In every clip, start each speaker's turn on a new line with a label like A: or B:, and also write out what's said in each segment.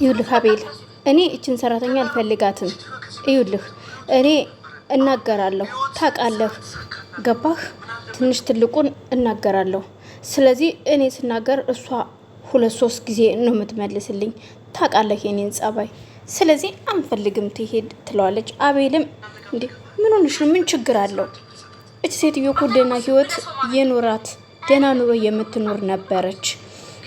A: ይኸውልህ አቤል፣ እኔ እችን ሰራተኛ አልፈልጋትም። ይኸውልህ እኔ እናገራለሁ፣ ታውቃለህ፣ ገባህ? ትንሽ ትልቁን እናገራለሁ። ስለዚህ እኔ ስናገር እሷ ሁለት ሶስት ጊዜ ነው የምትመልስልኝ። ታውቃለህ የኔን ጸባይ። ስለዚህ አንፈልግም ትሄድ ትለዋለች። አቤልም እንዴ ምን ሆንሽ? ምን ችግር አለው? እች ሴትዮ እኮ ደህና ህይወት የኖራት ደህና ኑሮ የምትኖር ነበረች።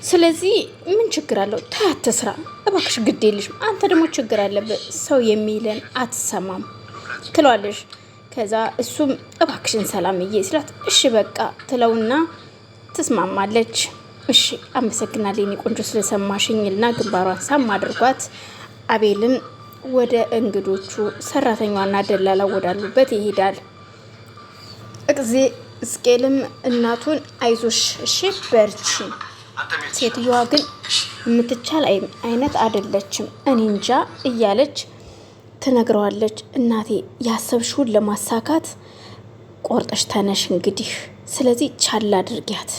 A: ስለዚህ ምን ችግር አለው? ታያት ስራ እባክሽ፣ ግድ የለሽም። አንተ ደግሞ ችግር አለብህ፣ ሰው የሚለን አትሰማም ትለዋለሽ። ከዛ እሱም እባክሽን ሰላምዬ ስላት እሺ በቃ ትለውና ትስማማለች። እሺ አመሰግናለሁ የኔ ቆንጆ ስለሰማሽኝልና ግንባሯን ሳም አድርጓት አቤልን ወደ እንግዶቹ ሰራተኛዋና ደላላ ወዳሉበት ይሄዳል። እቅዜ እስቄልም እናቱን አይዞሽ፣ እሺ በርቺ ሴትዮዋ ግን የምትቻል አይነት አይደለችም። እኔ እንጃ እያለች ትነግረዋለች። እናቴ ያሰብሽውን ለማሳካት ቆርጠሽ ተነሽ እንግዲህ ስለዚህ ቻል አድርጊያት።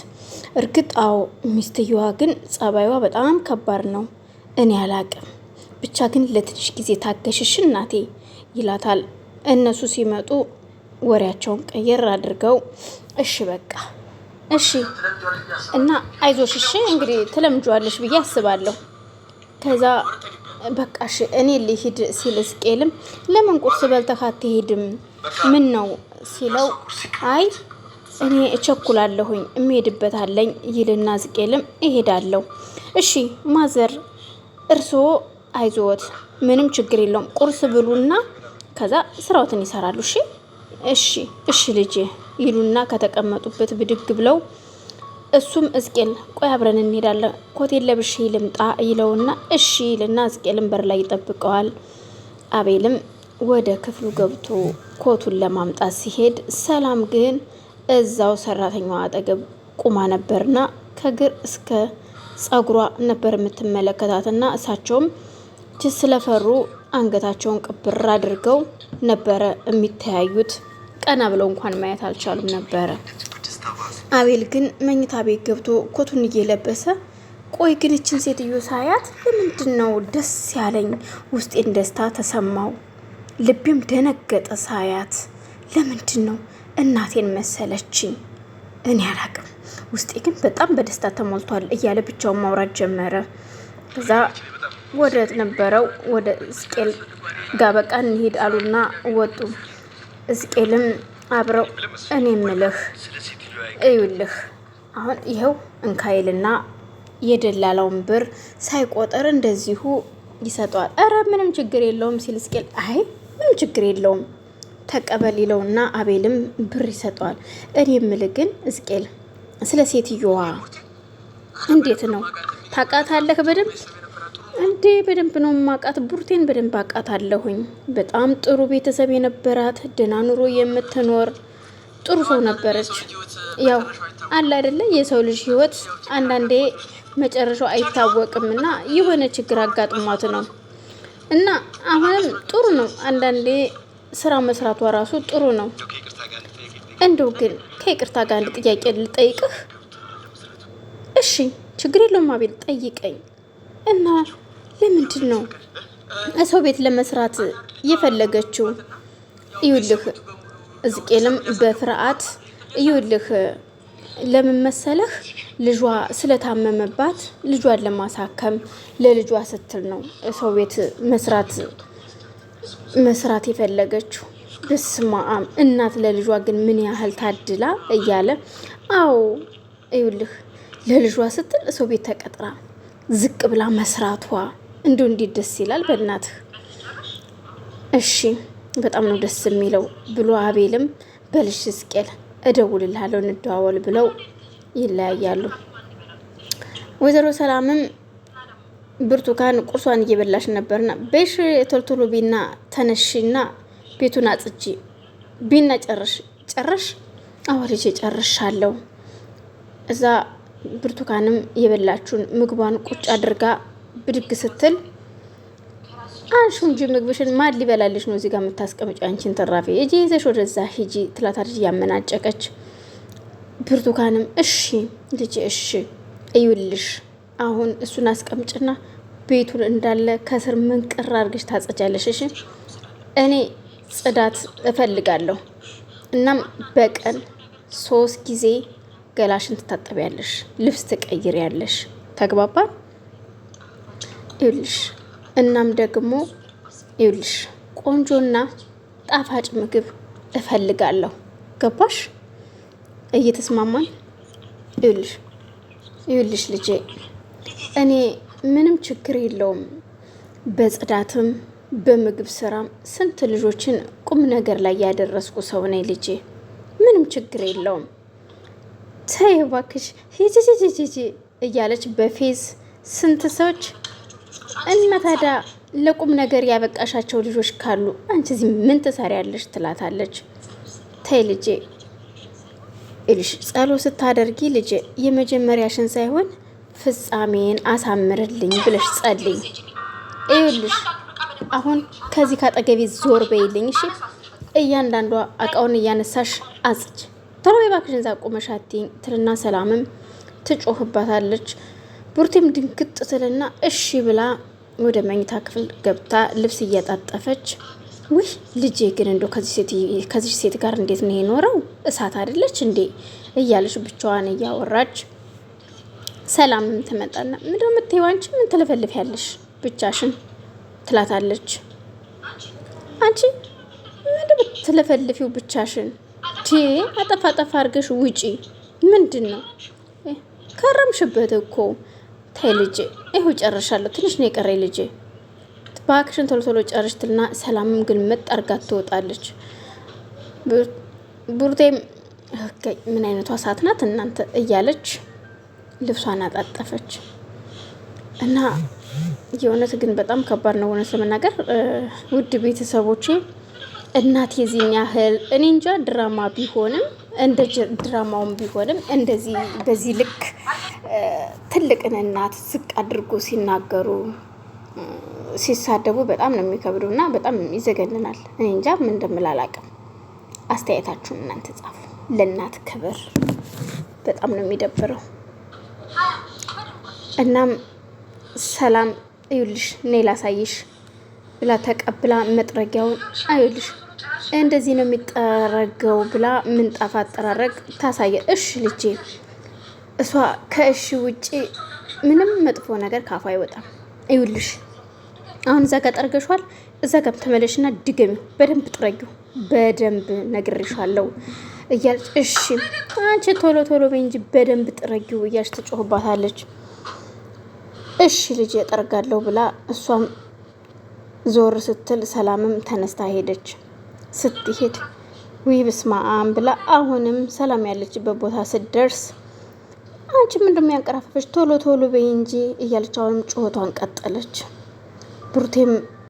A: እርግጥ አዎ፣ ሚስትየዋ ግን ጸባይዋ በጣም ከባድ ነው። እኔ አላቅም ብቻ ግን ለትንሽ ጊዜ ታገሽሽ እናቴ ይላታል። እነሱ ሲመጡ ወሬያቸውን ቀየር አድርገው እሺ በቃ እሺ እና አይዞሽ፣ እሺ እንግዲህ ትለምጇለሽ ብዬ አስባለሁ። ከዛ በቃ እሺ እኔ ልሂድ ሲል እስቄልም ለምን ቁርስ በልተህ አትሄድም? ምን ነው ሲለው አይ እኔ እቸኩላለሁኝ እምሄድበት አለኝ ይልና ዝቄልም እሄዳለሁ። እሺ ማዘር እርስዎ አይዞት ምንም ችግር የለውም ቁርስ ብሉና ከዛ ስራዎትን ይሰራሉ። እሺ እሺ እሺ ልጄ ይሉና ከተቀመጡበት ብድግ ብለው እሱም እዝቄል ቆይ አብረን እንሄዳለን ኮቴን ለብሼ ልምጣ ይለውና እሺ ይልና እዝቄልን በር ላይ ይጠብቀዋል። አቤልም ወደ ክፍሉ ገብቶ ኮቱን ለማምጣት ሲሄድ ሰላም ግን እዛው ሰራተኛዋ አጠገብ ቁማ ነበርና ከግር እስከ ጸጉሯ ነበር የምትመለከታትና እሳቸውም ስለፈሩ አንገታቸውን ቅብር አድርገው ነበረ የሚተያዩት። ቀና ብለው እንኳን ማየት አልቻሉም ነበረ። አቤል ግን መኝታ ቤት ገብቶ ኮቱን እየለበሰ ቆይ ግን እችን ሴትዮ ሳያት ለምንድን ነው ደስ ያለኝ? ውስጤን ደስታ ተሰማው፣ ልቤም ደነገጠ ሳያት። ለምንድን ነው እናቴን መሰለችኝ? እኔ አላቅም፣ ውስጤ ግን በጣም በደስታ ተሞልቷል እያለ ብቻውን ማውራት ጀመረ። ከዛ ወደ ነበረው ወደ እስቄል ጋር በቃ እንሂድ አሉና ወጡ። እስቄልም አብረው እኔ ምልህ እዩልህ አሁን ይኸው እንካይልና የደላላውን ብር ሳይቆጠር እንደዚሁ ይሰጧል። ረ ምንም ችግር የለውም ሲል እስቄል አይ ምንም ችግር የለውም ተቀበል ይለውና አቤልም ብር ይሰጧል። እኔ የምልህ ግን እስቄል ስለ ሴትዮዋ እንዴት ነው ታውቃታለህ በደንብ? እንዴ በደንብ ነው ማቃት። ቡርቴን በደንብ አቃት አለሁኝ። በጣም ጥሩ ቤተሰብ የነበራት ደህና ኑሮ የምትኖር ጥሩ ሰው ነበረች። ያው አለ አይደለ የሰው ልጅ ህይወት አንዳንዴ መጨረሻው አይታወቅም እና የሆነ ችግር አጋጥሟት ነው እና አሁንም ጥሩ ነው። አንዳንዴ ስራ መስራቷ ራሱ ጥሩ ነው። እንደው ግን ከይቅርታ ጋር አንድ ጥያቄ ልጠይቅህ። እሺ ችግር የለውም አቤል፣ ጠይቀኝ እና ለምንድን ነው እሰው ቤት ለመስራት የፈለገችው? እዩልህ እዝቄልም በፍርሃት እዩልህ ለምን መሰለህ ልጇ ስለታመመባት ልጇን ለማሳከም ለልጇ ስትል ነው ሰው ቤት መስራት መስራት የፈለገችው። ብስማአም እናት ለልጇ ግን ምን ያህል ታድላ እያለ አዎ እዩልህ ለልጇ ስትል ሰው ቤት ተቀጥራ ዝቅ ብላ መስራቷ እንዲሁ እንዴት ደስ ይላል በእናትህ። እሺ በጣም ነው ደስ የሚለው ብሎ አቤልም በልሽ ሕዝቅኤል እደውልልሃለሁ እንደዋወል ብለው ይለያያሉ። ወይዘሮ ሰላምም ብርቱካን ቁርሷን እየበላሽ ነበርና በሽ ቶልቶሎ ቢና ተነሽና ቤቱን አጽጂ ቢና ጨርሽ ጨርሽ አዋልጅ ጨርሻለሁ። እዛ ብርቱካንም የበላችውን ምግቧን ቁጭ አድርጋ ብድግ ስትል አንሹ እንጂ ምግብሽን ማን ሊበላልሽ ነው እዚህ ጋር የምታስቀምጪ? አንቺን ተራፊ እጂ ይዘሽ ወደዛ ሂጂ ትላታለች እያመናጨቀች። ብርቱካንም እሺ ልጅ እሺ እዩልሽ፣ አሁን እሱን አስቀምጭና ቤቱን እንዳለ ከስር ምንቅር አድርገሽ ታጸጃለሽ። እሺ እኔ ጽዳት እፈልጋለሁ። እናም በቀን ሶስት ጊዜ ገላሽን ትታጠቢያለሽ፣ ልብስ ትቀይሪያለሽ። ተግባባ ይውልሽ እናም ደግሞ ይውልሽ ቆንጆና ጣፋጭ ምግብ እፈልጋለሁ። ገባሽ? እየተስማማን ይውልሽ ይውልሽ ልጄ እኔ ምንም ችግር የለውም። በጽዳትም በምግብ ስራም ስንት ልጆችን ቁም ነገር ላይ ያደረስኩ ሰው ነኝ ልጄ። ምንም ችግር የለውም። ተይ እባክሽ ሂጂ ሂጂ ሂጂ እያለች በፌዝ ስንት ሰዎች እና ታዲያ ለቁም ነገር ያበቃሻቸው ልጆች ካሉ አንቺ እዚህ ምን ትሰሪያለሽ? ትላታለች። ተይ ልጄ እልሽ ጸሎት ስታደርጊ ልጄ የመጀመሪያሽን ሳይሆን ፍጻሜን አሳምርልኝ ብለሽ ጸልኝ። ይኸውልሽ አሁን ከዚህ ካጠገቤ ዞር በይልኝ እሺ። እያንዳንዷ እቃውን እያነሳሽ አጽጅ ቶሎ እባክሽን ዛ ቁመሻቴ ትልና ሰላምም ትጮህባታለች። ቡርቴም ድንግጥ ትልና እሺ ብላ ወደ መኝታ ክፍል ገብታ ልብስ እያጣጠፈች ውይ ልጄ ግን እንደ ከዚህ ሴት ጋር እንዴት ነው የኖረው? እሳት አይደለች እንዴ? እያለች ብቻዋን እያወራች ሰላምም ትመጣና ምንድን ነው የምትይው አንቺ ምን ትለፈልፍ ያለሽ ብቻሽን ትላታለች። አንቺ ምንድን ትለፈልፊው ብቻሽን ቺ አጠፋ አጠፋ አርገሽ ውጪ ምንድን ነው ከረምሽበት እኮ ተይ ልጄ፣ ይኸው ጨርሻለሁ። ትንሽ ነው የቀረኝ ልጅ በአክሽን ቶሎ ቶሎ ጨርሽ ትልና ሰላምም ግን መጥ አርጋ ትወጣለች። ብሩቴም ምን አይነቷ ሰዓት ናት እናንተ እያለች ልብሷን አጣጠፈች እና የእውነት ግን በጣም ከባድ ነው። እውነት ለመናገር ውድ ቤተሰቦቼ እናት የዚህን ያህል እኔ እንጃ ድራማ ቢሆንም እንደ ድራማውም ቢሆንም እንደዚህ በዚህ ልክ ትልቅን እናት ዝቅ አድርጎ ሲናገሩ ሲሳደቡ በጣም ነው የሚከብዱ እና በጣም ይዘገንናል። እኔ እንጃ ምን እንደምል አላውቅም። አስተያየታችሁን እናንተ ጻፉ። ለእናት ክብር በጣም ነው የሚደብረው። እናም ሰላም እዩልሽ፣ እኔ ላሳይሽ ብላ ተቀብላ መጥረጊያውን አዩልሽ እንደዚህ ነው የሚጠረገው ብላ ምንጣፍ አጠራረግ ታሳየ። እሽ ልጄ እሷ ከእሺ ውጪ ምንም መጥፎ ነገር ካፉ አይወጣም። እዩልሽ አሁን እዛ ጋር ጠርገሿል። እዛ ጋር ተመለሽና ድገሚ፣ በደንብ ጥረጊ በደንብ ነግሬሻለሁ እያለች እሺ አንቺ ቶሎ ቶሎ በይ እንጂ በደንብ ጥረጊው እያለች ትጮህባታለች። እሺ ልጅ እጠርጋለሁ ብላ እሷም ዞር ስትል ሰላምም ተነስታ ሄደች። ስትሄድ ውይ ብስማአም ብላ አሁንም ሰላም ያለችበት ቦታ ስትደርስ አንቺ ምንድን ነው ያንቀራፈፈች? ቶሎ ቶሎ በይ እንጂ እያለች አሁንም ጩኸቷን ቀጠለች ብሩቴም